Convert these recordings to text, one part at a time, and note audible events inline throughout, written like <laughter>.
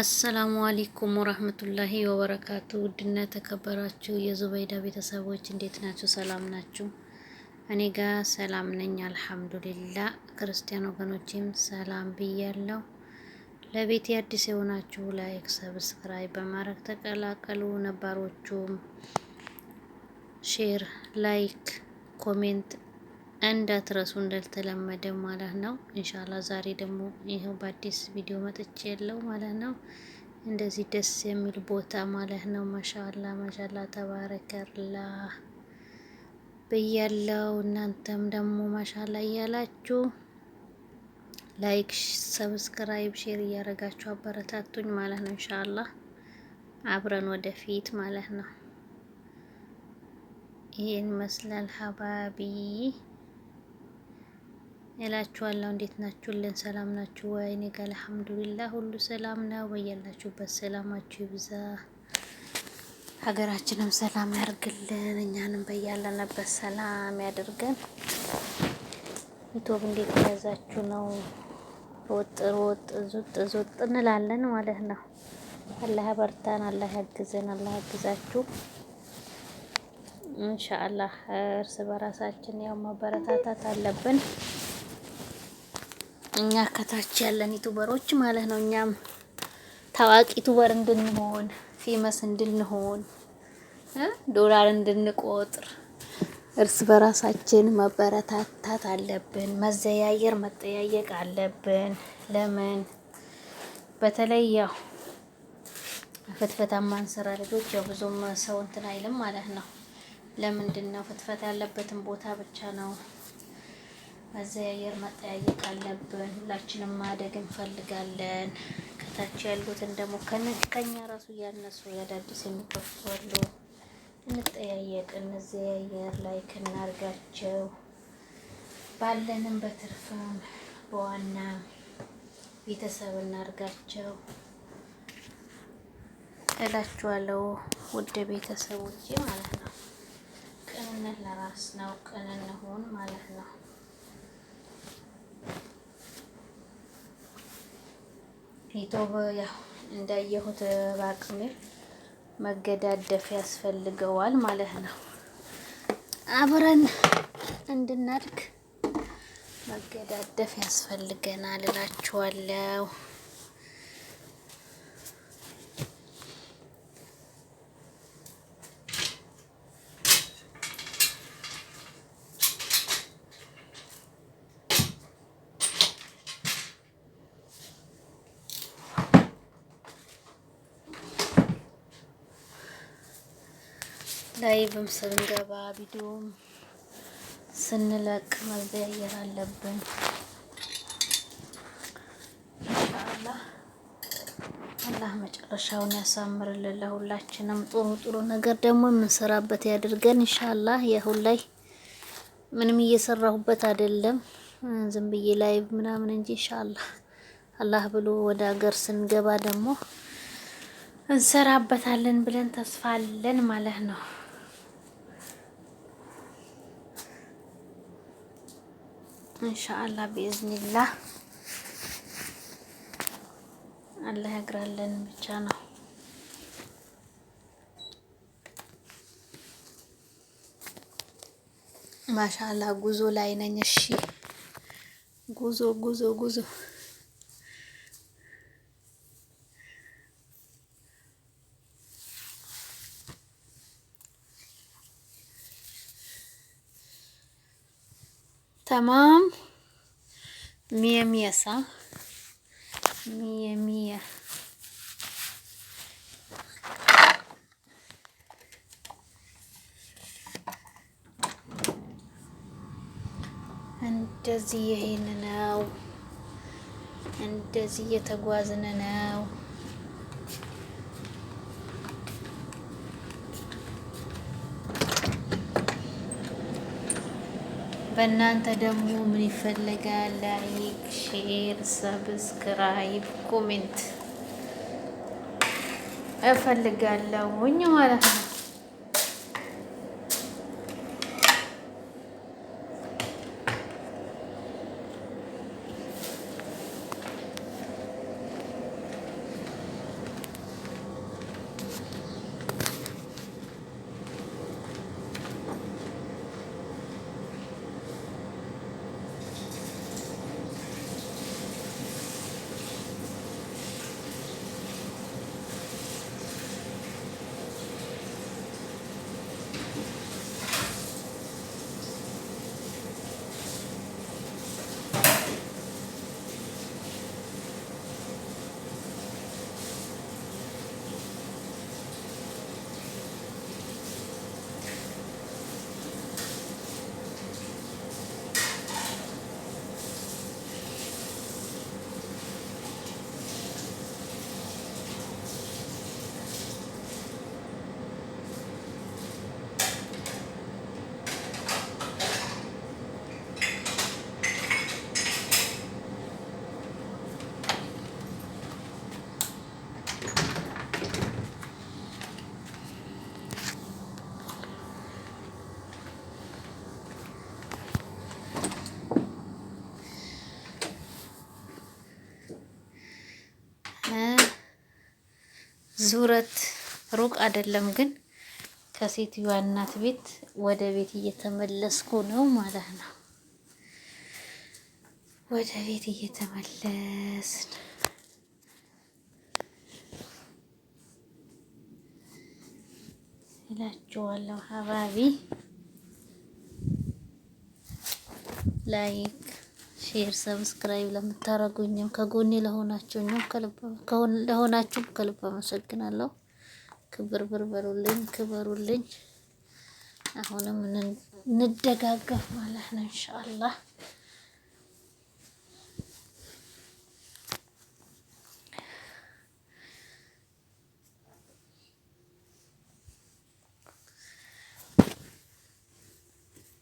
አሰላሙ አሌይኩም ወራህመቱላሂ ወበረካቱ። ውድና የተከበራችሁ የዙበይዳ ቤተሰቦች እንዴት ናችሁ? ሰላም ናችሁ? እኔ ጋ ሰላም ነኝ አልሐምዱሊላ። ክርስቲያን ወገኖችም ሰላም ብያለሁ። ለቤት አዲስ የሆናችሁ ላይክ፣ ሰብስክራይብ በማድረግ ተቀላቀሉ። ነባሮቹም ሼር፣ ላይክ፣ ኮሜንት እንዳትረሱ እንዳልተለመደ ማለት ነው። እንሻላ ዛሬ ደግሞ ይኸው በአዲስ ቪዲዮ መጥቼ የለው ማለት ነው። እንደዚህ ደስ የሚል ቦታ ማለት ነው። ማሻላ ማሻላ ተባረከላ ብያለው። እናንተም ደግሞ ማሻላ እያላችሁ ላይክ፣ ሰብስክራይብ፣ ሼር እያደረጋችሁ አበረታቱኝ ማለት ነው። እንሻላ አብረን ወደፊት ማለት ነው። ይህን ይመስላል ሀባቢ እላችኋለሁ። እንዴት ናችሁልን? ሰላም ናችሁ ወይ? እኔ ጋር አልሐምዱሊላህ ሁሉ ሰላም ነው። በያላችሁበት ሰላማችሁ ይብዛ፣ ሀገራችንም ሰላም ያርግልን፣ እኛንም በያለንበት ሰላም ያደርገን። ዩቱብ እንዴት ያዛችሁ ነው? ወጥ ወጥ ዙጥ ዙጥ እንላለን ማለት ነው። አላህ በርታን፣ አላህ ያግዘን፣ አላህ ያግዛችሁ። ኢንሻአላህ እርስ በራሳችን ያው መበረታታት አለብን። እኛ ከታች ያለን ዩቱበሮች ማለት ነው። እኛም ታዋቂ ዩቱበር እንድንሆን ፌመስ እንድንሆን ዶላር እንድንቆጥር እርስ በራሳችን መበረታታት አለብን። መዘያየር መጠያየቅ አለብን። ለምን በተለይ ያው ፍትፈታ ማንሰራ ልጆች ያው ብዙም ሰው እንትን አይልም ማለት ነው። ለምንድን ነው ፍትፈታ ያለበትን ቦታ ብቻ ነው መዘያየር መጠያየቅ አለብን። ሁላችንም ማደግ እንፈልጋለን። ከታች ያሉትን ደግሞ ከኛ ራሱ እያነሱ አዳዲስ የሚከፍቱ አሉ። እንጠያየቅ፣ እንዘያየር፣ ላይክ እናርጋቸው። ባለንም በትርፍም በዋና ቤተሰብ እናርጋቸው እላችኋለሁ። ውድ ቤተሰቦቼ ማለት ነው። ቅንነት ለራስ ነው። ቅን እንሁን ማለት ነው። ዩቱብ ያው እንዳየሁት በአቅሜ መገዳደፍ ያስፈልገዋል ማለት ነው። አብረን እንድናድግ መገዳደፍ ያስፈልገናል እላችኋለሁ። ላይቭም ስንገባ ቪዲዮም ስንለቅ መዘያየር አለብን። ኢንሻአላህ አላህ መጨረሻውን ያሳምርልን። ለሁላችንም ጥሩ ጥሩ ነገር ደግሞ የምንሰራበት ያድርገን። ኢንሻአላህ የሁን ላይ ምንም እየሰራሁበት አይደለም፣ ዝም ብዬ ላይቭ ምናምን እንጂ ኢንሻአላህ አላህ ብሎ ወደ ሀገር ስንገባ ደግሞ እንሰራበታለን ብለን ተስፋ አለን ማለት ነው። እንሻአላ ቢእዝኒላህ አላህ ያግራለን ብቻ ነው። ማሻአላ ጉዞ ላይ ነኝ። እሺ ጉዞ ጉዞ ጉዞ تمام Mie mie صح Mie mie. እንደዚህ ይሄን ነው። እንደዚህ እየተጓዝን ነው። በእናንተ ደግሞ ምን ይፈለጋል? ላይክ፣ ሼር፣ ሰብስክራይብ፣ ኮሜንት እፈልጋለሁኝ ማለት ነው። ዙረት ሩቅ አይደለም ግን ከሴትዮዋ እናት ቤት ወደ ቤት እየተመለስኩ ነው ማለት ነው። ወደ ቤት እየተመለስን እላችኋለሁ። ሀባቢ ላይክ፣ ሼር፣ ሰብስክራይብ ለምታረጉኝም ከጎኔ ለሆናችሁኝም ከልባ ለሆናችሁ ከልብ አመሰግናለሁ። ክብር ብርበሩልኝ፣ ክበሩልኝ። አሁንም እንደጋገፍ ማለት ነው ኢንሻአላህ።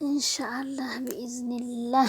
ኢንሻአላህ ቢኢዝኒላህ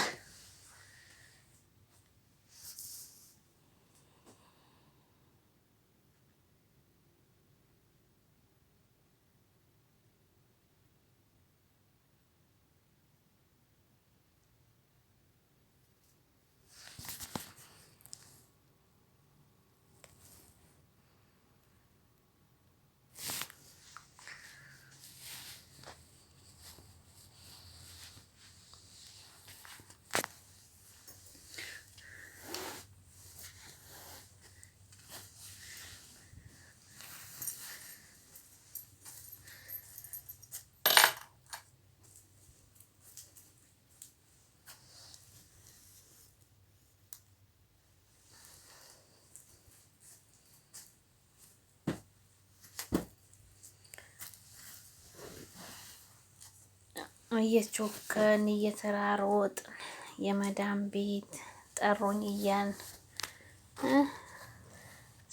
እየቾከን እየተራሮጥን የመዳም ቤት ጠሩኝ እያን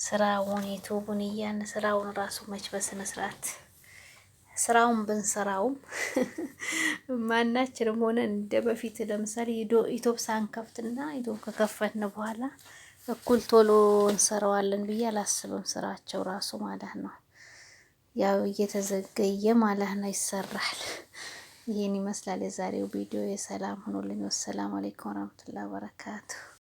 ስራውን የቱቡን እያን ስራውን ራሱ መች በስነ ስርዓት ስራውን ብንሰራውም <laughs> ማናችንም ሆነ እንደ በፊት ለምሳሌ ኢትዮፕ ሳንከፍትና ኢትዮፕ ከከፈትን በኋላ እኩል ቶሎ እንሰራዋለን ብዬ አላስብም። ስራቸው ራሱ ማለት ነው ያው እየተዘገየ ማለት ነው ይሰራል። ይህን ይመስላል የዛሬው ቪዲዮ። የሰላም ሁኑልኝ። ወሰላም አሌይኩም ወረህመቱላሂ ወበረካቱሁ።